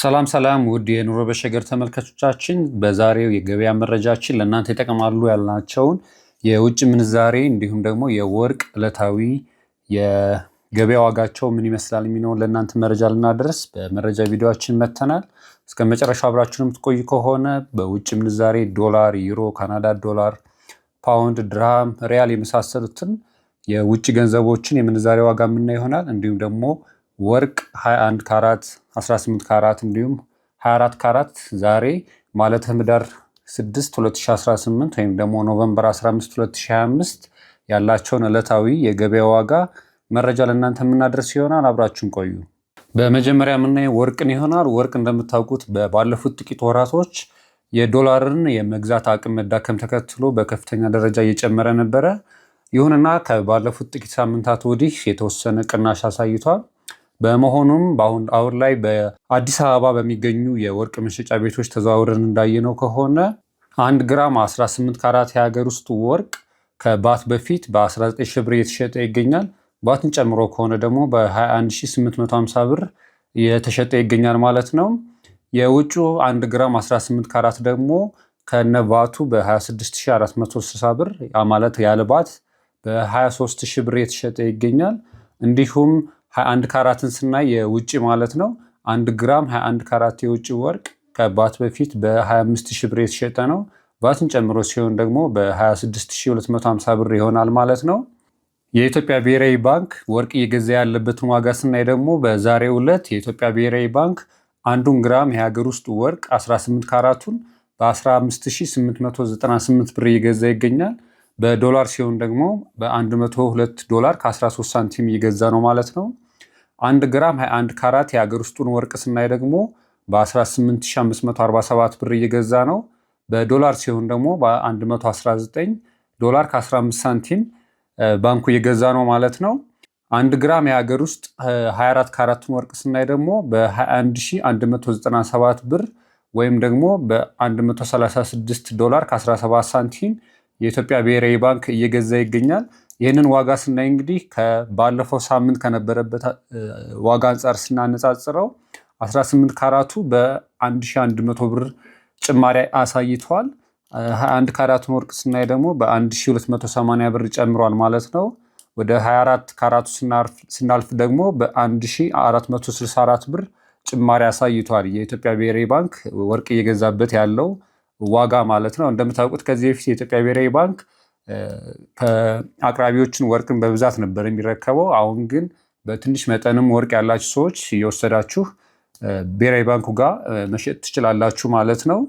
ሰላም ሰላም ውድ የኑሮ በሸገር ተመልካቾቻችን፣ በዛሬው የገበያ መረጃችን ለእናንተ ይጠቅማሉ ያልናቸውን የውጭ ምንዛሬ እንዲሁም ደግሞ የወርቅ ዕለታዊ የገበያ ዋጋቸው ምን ይመስላል የሚለውን ለእናንተ መረጃ ልናደርስ በመረጃ ቪዲዮችን መተናል። እስከ መጨረሻው አብራችሁን የምትቆዩ ከሆነ በውጭ ምንዛሬ ዶላር፣ ዩሮ፣ ካናዳ ዶላር፣ ፓውንድ፣ ድርሃም፣ ሪያል የመሳሰሉትን የውጭ ገንዘቦችን የምንዛሬ ዋጋ የምና ይሆናል እንዲሁም ደግሞ ወርቅ 21 ካራት፣ 18 ካራት እንዲሁም 24 ካራት ዛሬ ማለት ህዳር 6 2018 ወይም ደግሞ ኖቨምበር 15 2025 ያላቸውን ዕለታዊ የገበያ ዋጋ መረጃ ለእናንተ የምናደርስ ይሆናል። አብራችሁን ቆዩ። በመጀመሪያ የምናየው ወርቅን ይሆናል። ወርቅ እንደምታውቁት ባለፉት ጥቂት ወራቶች የዶላርን የመግዛት አቅም መዳከም ተከትሎ በከፍተኛ ደረጃ እየጨመረ ነበረ። ይሁንና ከባለፉት ጥቂት ሳምንታት ወዲህ የተወሰነ ቅናሽ አሳይቷል። በመሆኑም በአሁን አሁን ላይ በአዲስ አበባ በሚገኙ የወርቅ መሸጫ ቤቶች ተዘዋውረን እንዳየነው ከሆነ አንድ ግራም 18 ካራት የሀገር ውስጥ ወርቅ ከባት በፊት በ19 ሺህ ብር የተሸጠ ይገኛል። ባትን ጨምሮ ከሆነ ደግሞ በ21850 ብር የተሸጠ ይገኛል ማለት ነው። የውጩ 1 ግራም 18 ካራት ደግሞ ከነባቱ በ26460 ብር ማለት ያለባት በ23000 ብር የተሸጠ ይገኛል። እንዲሁም 21 ካራትን ስናይ የውጭ ማለት ነው። አንድ ግራም 21 ካራት የውጭ ወርቅ ከባት በፊት በ25 ሺህ ብር የተሸጠ ነው። ባትን ጨምሮ ሲሆን ደግሞ በ26250 ብር ይሆናል ማለት ነው። የኢትዮጵያ ብሔራዊ ባንክ ወርቅ እየገዛ ያለበትን ዋጋ ስናይ ደግሞ በዛሬው ዕለት የኢትዮጵያ ብሔራዊ ባንክ አንዱን ግራም የሀገር ውስጥ ወርቅ 18 ካራቱን በ15898 ብር እየገዛ ይገኛል። በዶላር ሲሆን ደግሞ በ102 ዶላር ከ13 ሳንቲም እየገዛ ነው ማለት ነው። 1 ግራም 21 ካራት የአገር ውስጡን ወርቅ ስናይ ደግሞ በ18547 ብር እየገዛ ነው። በዶላር ሲሆን ደግሞ በ119 ዶላር ከ15 ሳንቲም ባንኩ እየገዛ ነው ማለት ነው። አንድ ግራም የሀገር ውስጥ 24 ካራቱን ወርቅ ስናይ ደግሞ በ21197 ብር ወይም ደግሞ በ136 ዶላር ከ17 ሳንቲም የኢትዮጵያ ብሔራዊ ባንክ እየገዛ ይገኛል። ይህንን ዋጋ ስናይ እንግዲህ ባለፈው ሳምንት ከነበረበት ዋጋ አንጻር ስናነጻጽረው 18 ካራቱ በ1100 ብር ጭማሪ አሳይቷል። 21 ካራቱን ወርቅ ስናይ ደግሞ በ1280 ብር ጨምሯል ማለት ነው። ወደ 24 ካራቱ ስናልፍ ደግሞ በ1464 ብር ጭማሪ አሳይቷል። የኢትዮጵያ ብሔራዊ ባንክ ወርቅ እየገዛበት ያለው ዋጋ ማለት ነው። እንደምታውቁት ከዚህ በፊት የኢትዮጵያ ብሔራዊ ባንክ አቅራቢዎችን ወርቅን በብዛት ነበር የሚረከበው። አሁን ግን በትንሽ መጠንም ወርቅ ያላችሁ ሰዎች እየወሰዳችሁ ብሔራዊ ባንኩ ጋር መሸጥ ትችላላችሁ ማለት ነው።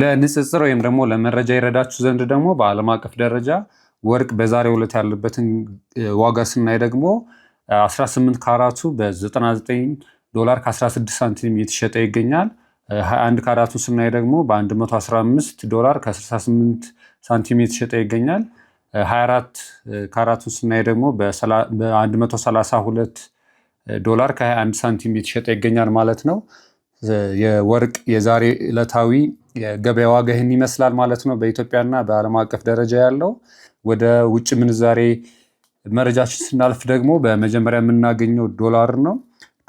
ለንጽጽር ወይም ደግሞ ለመረጃ ይረዳችሁ ዘንድ ደግሞ በዓለም አቀፍ ደረጃ ወርቅ በዛሬው ዕለት ያለበትን ዋጋ ስናይ ደግሞ 18 ካራቱ በ99 ዶላር ከ16 ሳንቲም እየተሸጠ ይገኛል። 21 ካራቱን ስናይ ደግሞ በ115 ዶላር ከ68 ሳንቲም የተሸጠ ይገኛል። 24 ካራቱን ስናይ ደግሞ በ132 ዶላር ከ21 ሳንቲም የተሸጠ ይገኛል ማለት ነው። የወርቅ የዛሬ ዕለታዊ የገበያ ዋጋ ይህን ይመስላል ማለት ነው። በኢትዮጵያና በዓለም አቀፍ ደረጃ ያለው ወደ ውጭ ምንዛሬ መረጃችን ስናልፍ ደግሞ በመጀመሪያ የምናገኘው ዶላር ነው።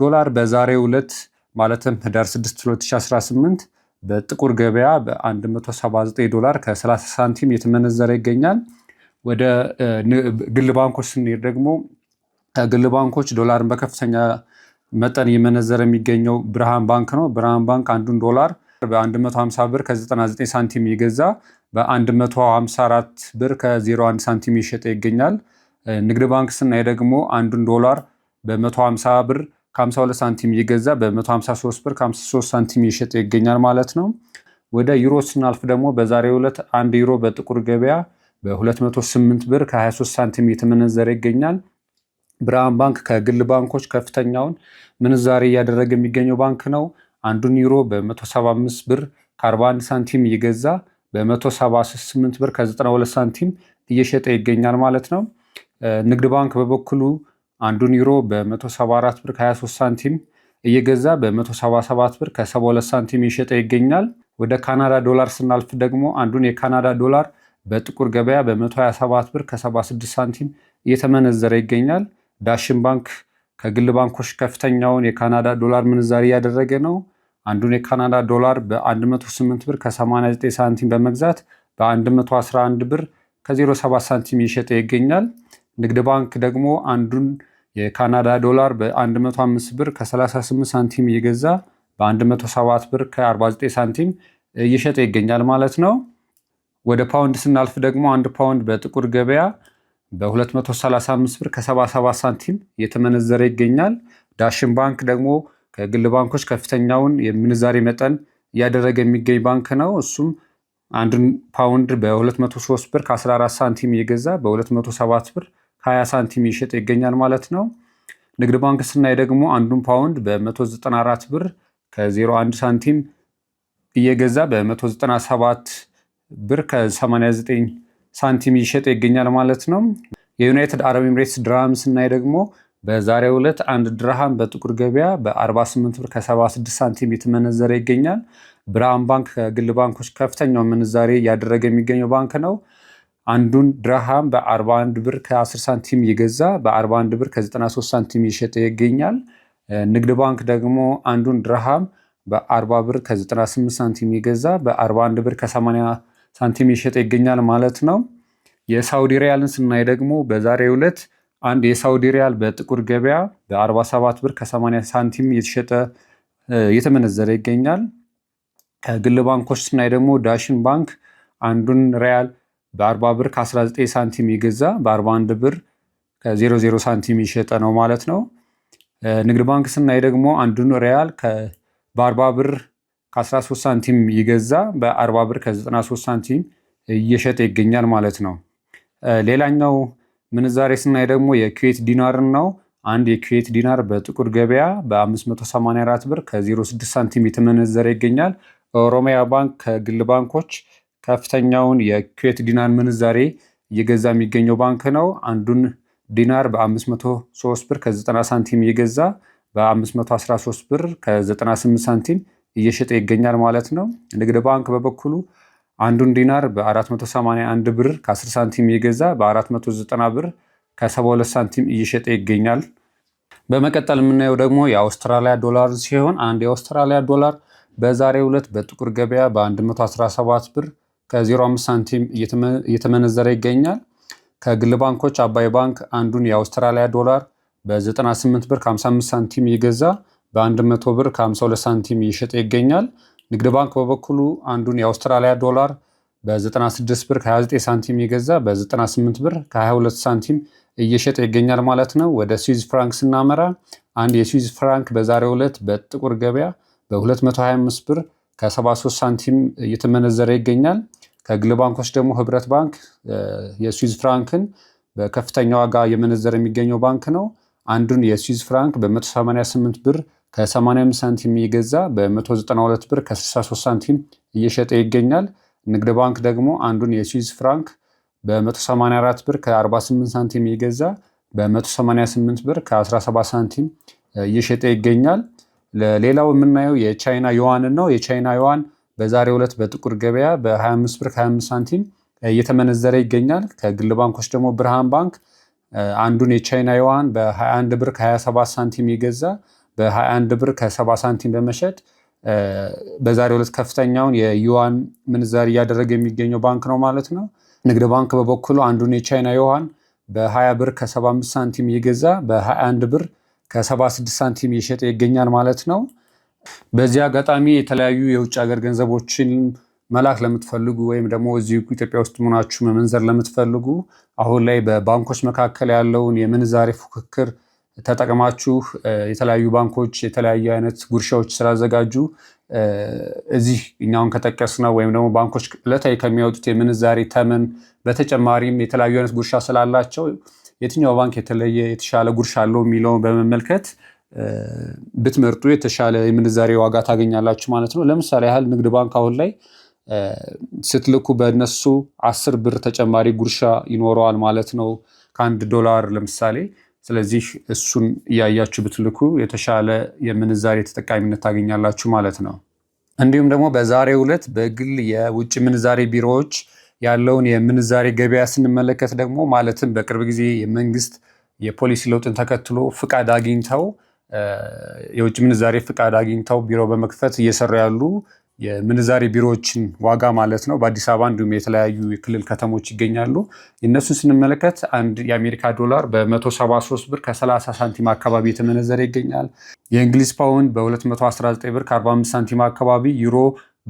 ዶላር በዛሬው ዕለት ማለትም ህዳር 6 2018 በጥቁር ገበያ በ179 ዶላር ከ30 ሳንቲም የተመነዘረ ይገኛል። ወደ ግል ባንኮች ስንሄድ ደግሞ ግል ባንኮች ዶላርን በከፍተኛ መጠን እየመነዘረ የሚገኘው ብርሃን ባንክ ነው። ብርሃን ባንክ አንዱን ዶላር በ150 ብር ከ99 ሳንቲም ይገዛ በ154 ብር ከ01 ሳንቲም ይሸጠ ይገኛል። ንግድ ባንክ ስናይ ደግሞ አንዱን ዶላር በ150 ብር ከ52 ሳንቲም እየገዛ በ153 ብር ከ53 ሳንቲም እየሸጠ ይገኛል ማለት ነው። ወደ ዩሮ ስናልፍ ደግሞ በዛሬው ዕለት አንድ ዩሮ በጥቁር ገበያ በ208 ብር ከ23 ሳንቲም እየተመነዘረ ይገኛል። ብርሃን ባንክ ከግል ባንኮች ከፍተኛውን ምንዛሬ እያደረገ የሚገኘው ባንክ ነው። አንዱን ዩሮ በ175 ብር ከ41 ሳንቲም እየገዛ በ178 ብር ከ92 ሳንቲም እየሸጠ ይገኛል ማለት ነው። ንግድ ባንክ በበኩሉ አንዱን ዩሮ በ174 ብር ከ23 ሳንቲም እየገዛ በ177 ብር ከ72 ሳንቲም እየሸጠ ይገኛል። ወደ ካናዳ ዶላር ስናልፍ ደግሞ አንዱን የካናዳ ዶላር በጥቁር ገበያ በ127 ብር ከ76 ሳንቲም እየተመነዘረ ይገኛል። ዳሽን ባንክ ከግል ባንኮች ከፍተኛውን የካናዳ ዶላር ምንዛሪ እያደረገ ነው። አንዱን የካናዳ ዶላር በ108 ብር ከ89 ሳንቲም በመግዛት በ111 ብር ከ07 ሳንቲም እየሸጠ ይገኛል። ንግድ ባንክ ደግሞ አንዱን የካናዳ ዶላር በ105 ብር ከ38 ሳንቲም እየገዛ በ107 ብር ከ49 ሳንቲም እየሸጠ ይገኛል ማለት ነው። ወደ ፓውንድ ስናልፍ ደግሞ አንድ ፓውንድ በጥቁር ገበያ በ235 ብር ከ77 ሳንቲም እየተመነዘረ ይገኛል። ዳሽን ባንክ ደግሞ ከግል ባንኮች ከፍተኛውን የምንዛሬ መጠን እያደረገ የሚገኝ ባንክ ነው። እሱም አንድ ፓውንድ በ203 ብር ከ14 ሳንቲም እየገዛ በ207 ብር 20 ሳንቲም ይሸጥ ይገኛል ማለት ነው። ንግድ ባንክ ስናይ ደግሞ አንዱን ፓውንድ በ194 ብር ከ01 ሳንቲም እየገዛ በ197 ብር ከ89 ሳንቲም ይሸጥ ይገኛል ማለት ነው። የዩናይትድ አረብ ኤምሬትስ ድርሃም ስናይ ደግሞ በዛሬው ዕለት አንድ ድርሃም በጥቁር ገበያ በ48 ብር ከ76 ሳንቲም እየተመነዘረ ይገኛል። ብርሃን ባንክ ከግል ባንኮች ከፍተኛው ምንዛሬ እያደረገ የሚገኘው ባንክ ነው። አንዱን ድርሃም በ41 ብር ከ10 ሳንቲም ይገዛ በ41 ብር ከ93 ሳንቲም የሸጠ ይገኛል። ንግድ ባንክ ደግሞ አንዱን ድርሃም በ40 ብር ከ98 ሳንቲም ይገዛ በ41 ብር ከ80 ሳንቲም እየሸጠ ይገኛል ማለት ነው። የሳውዲ ሪያልን ስናይ ደግሞ በዛሬው ዕለት አንድ የሳውዲ ሪያል በጥቁር ገበያ በ47 ብር ከ80 ሳንቲም የተሸጠ የተመነዘረ ይገኛል። ከግል ባንኮች ስናይ ደግሞ ዳሽን ባንክ አንዱን ሪያል በ40 ብር ከ19 ሳንቲም ይገዛ በ41 ብር ከ00 ሳንቲም የሸጠ ነው ማለት ነው። ንግድ ባንክ ስናይ ደግሞ አንዱን ሪያል በ40 ብር ከ13 ሳንቲም ይገዛ በ40 ብር ከ93 ሳንቲም እየሸጠ ይገኛል ማለት ነው። ሌላኛው ምንዛሬ ስናይ ደግሞ የኩዌት ዲናርን ነው። አንድ የኩዌት ዲናር በጥቁር ገበያ በ584 ብር ከ06 ሳንቲም የተመነዘረ ይገኛል። ኦሮሚያ ባንክ ከግል ባንኮች ከፍተኛውን የኩዌት ዲናር ምንዛሬ እየገዛ የሚገኘው ባንክ ነው። አንዱን ዲናር በ503 ብር ከ90 ሳንቲም እየገዛ በ513 ብር ከ98 ሳንቲም እየሸጠ ይገኛል ማለት ነው። ንግድ ባንክ በበኩሉ አንዱን ዲናር በ481 ብር ከ10 ሳንቲም እየገዛ በ490 ብር ከ72 ሳንቲም እየሸጠ ይገኛል። በመቀጠል የምናየው ደግሞ የአውስትራሊያ ዶላር ሲሆን አንድ የአውስትራሊያ ዶላር በዛሬው ዕለት በጥቁር ገበያ በ117 ብር ከ05 ሳንቲም እየተመነዘረ ይገኛል። ከግል ባንኮች አባይ ባንክ አንዱን የአውስትራሊያ ዶላር በ98 ብር 55 ሳንቲም ይገዛ በ100 ብር ከ52 ሳንቲም እየሸጠ ይገኛል። ንግድ ባንክ በበኩሉ አንዱን የአውስትራሊያ ዶላር በ96 ብር ከ29 ሳንቲም ይገዛ በ98 ብር ከ22 ሳንቲም እየሸጠ ይገኛል ማለት ነው። ወደ ስዊዝ ፍራንክ ስናመራ አንድ የስዊዝ ፍራንክ በዛሬው ዕለት በጥቁር ገበያ በ225 ብር ከ73 ሳንቲም እየተመነዘረ ይገኛል። ከግል ባንኮች ደግሞ ህብረት ባንክ የስዊዝ ፍራንክን በከፍተኛ ዋጋ የመነዘር የሚገኘው ባንክ ነው። አንዱን የስዊዝ ፍራንክ በ188 ብር ከ85 ሳንቲም እየገዛ በ192 ብር ከ63 ሳንቲም እየሸጠ ይገኛል። ንግድ ባንክ ደግሞ አንዱን የስዊዝ ፍራንክ በ184 ብር ከ48 ሳንቲም እየገዛ በ188 ብር ከ17 ሳንቲም እየሸጠ ይገኛል። ሌላው የምናየው የቻይና ዩዋንን ነው። የቻይና ዩዋን በዛሬው ዕለት በጥቁር ገበያ በ25 ብር 25 ሳንቲም እየተመነዘረ ይገኛል። ከግል ባንኮች ደግሞ ብርሃን ባንክ አንዱን የቻይና ዩዋን በ21 ብር 27 ሳንቲም ይገዛ በ21 ብር ከ70 ሳንቲም በመሸጥ በዛሬው ዕለት ከፍተኛውን የዩዋን ምንዛሪ እያደረገ የሚገኘው ባንክ ነው ማለት ነው። ንግድ ባንክ በበኩሉ አንዱን የቻይና ዩዋን በ20 ብር ከ75 ሳንቲም ይገዛ በ21 ብር ከ76 ሳንቲም እየሸጠ ይገኛል ማለት ነው። በዚህ አጋጣሚ የተለያዩ የውጭ ሀገር ገንዘቦችን መላክ ለምትፈልጉ ወይም ደግሞ እዚሁ ኢትዮጵያ ውስጥ መሆናችሁ መመንዘር ለምትፈልጉ አሁን ላይ በባንኮች መካከል ያለውን የምንዛሬ ፉክክር ተጠቅማችሁ የተለያዩ ባንኮች የተለያዩ አይነት ጉርሻዎች ስላዘጋጁ እዚህ እኛውን ከጠቀስነው ወይም ደግሞ ባንኮች ዕለታዊ ከሚያወጡት የምንዛሬ ተመን በተጨማሪም የተለያዩ አይነት ጉርሻ ስላላቸው የትኛው ባንክ የተለየ የተሻለ ጉርሻ አለው የሚለውን በመመልከት ብትመርጡ የተሻለ የምንዛሬ ዋጋ ታገኛላችሁ ማለት ነው። ለምሳሌ ያህል ንግድ ባንክ አሁን ላይ ስትልኩ በእነሱ አስር ብር ተጨማሪ ጉርሻ ይኖረዋል ማለት ነው ከአንድ ዶላር ለምሳሌ። ስለዚህ እሱን እያያችሁ ብትልኩ የተሻለ የምንዛሬ ተጠቃሚነት ታገኛላችሁ ማለት ነው። እንዲሁም ደግሞ በዛሬው ዕለት በግል የውጭ ምንዛሬ ቢሮዎች ያለውን የምንዛሬ ገበያ ስንመለከት ደግሞ ማለትም በቅርብ ጊዜ የመንግስት የፖሊሲ ለውጥን ተከትሎ ፍቃድ አግኝተው የውጭ ምንዛሬ ፍቃድ አግኝተው ቢሮ በመክፈት እየሰሩ ያሉ የምንዛሬ ቢሮዎችን ዋጋ ማለት ነው። በአዲስ አበባ እንዲሁም የተለያዩ የክልል ከተሞች ይገኛሉ። እነሱን ስንመለከት አንድ የአሜሪካ ዶላር በ173 ብር ከ30 ሳንቲም አካባቢ የተመነዘረ ይገኛል። የእንግሊዝ ፓውንድ በ219 ብር ከ45 ሳንቲም አካባቢ፣ ዩሮ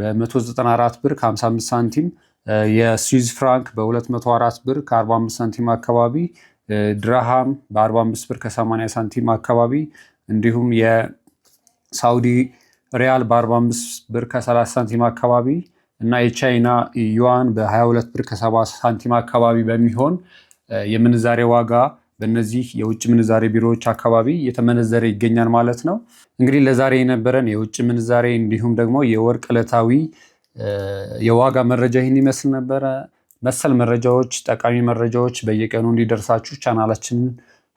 በ194 ብር ከ55 ሳንቲም፣ የስዊዝ ፍራንክ በ204 ብር ከ45 ሳንቲም አካባቢ፣ ድራሃም በ45 ብር ከ80 ሳንቲም አካባቢ እንዲሁም የሳውዲ ሪያል በ45 ብር ከ30 ሳንቲም አካባቢ እና የቻይና ዩዋን በ22 ብር ከ70 ሳንቲም አካባቢ በሚሆን የምንዛሬ ዋጋ በእነዚህ የውጭ ምንዛሬ ቢሮዎች አካባቢ እየተመነዘረ ይገኛል ማለት ነው። እንግዲህ ለዛሬ የነበረን የውጭ ምንዛሬ እንዲሁም ደግሞ የወርቅ ዕለታዊ የዋጋ መረጃ ይህን ይመስል ነበረ። መሰል መረጃዎች፣ ጠቃሚ መረጃዎች በየቀኑ እንዲደርሳችሁ ቻናላችንን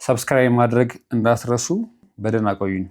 ሰብስክራይብ ማድረግ እንዳትረሱ። በደህና ቆዩኝ።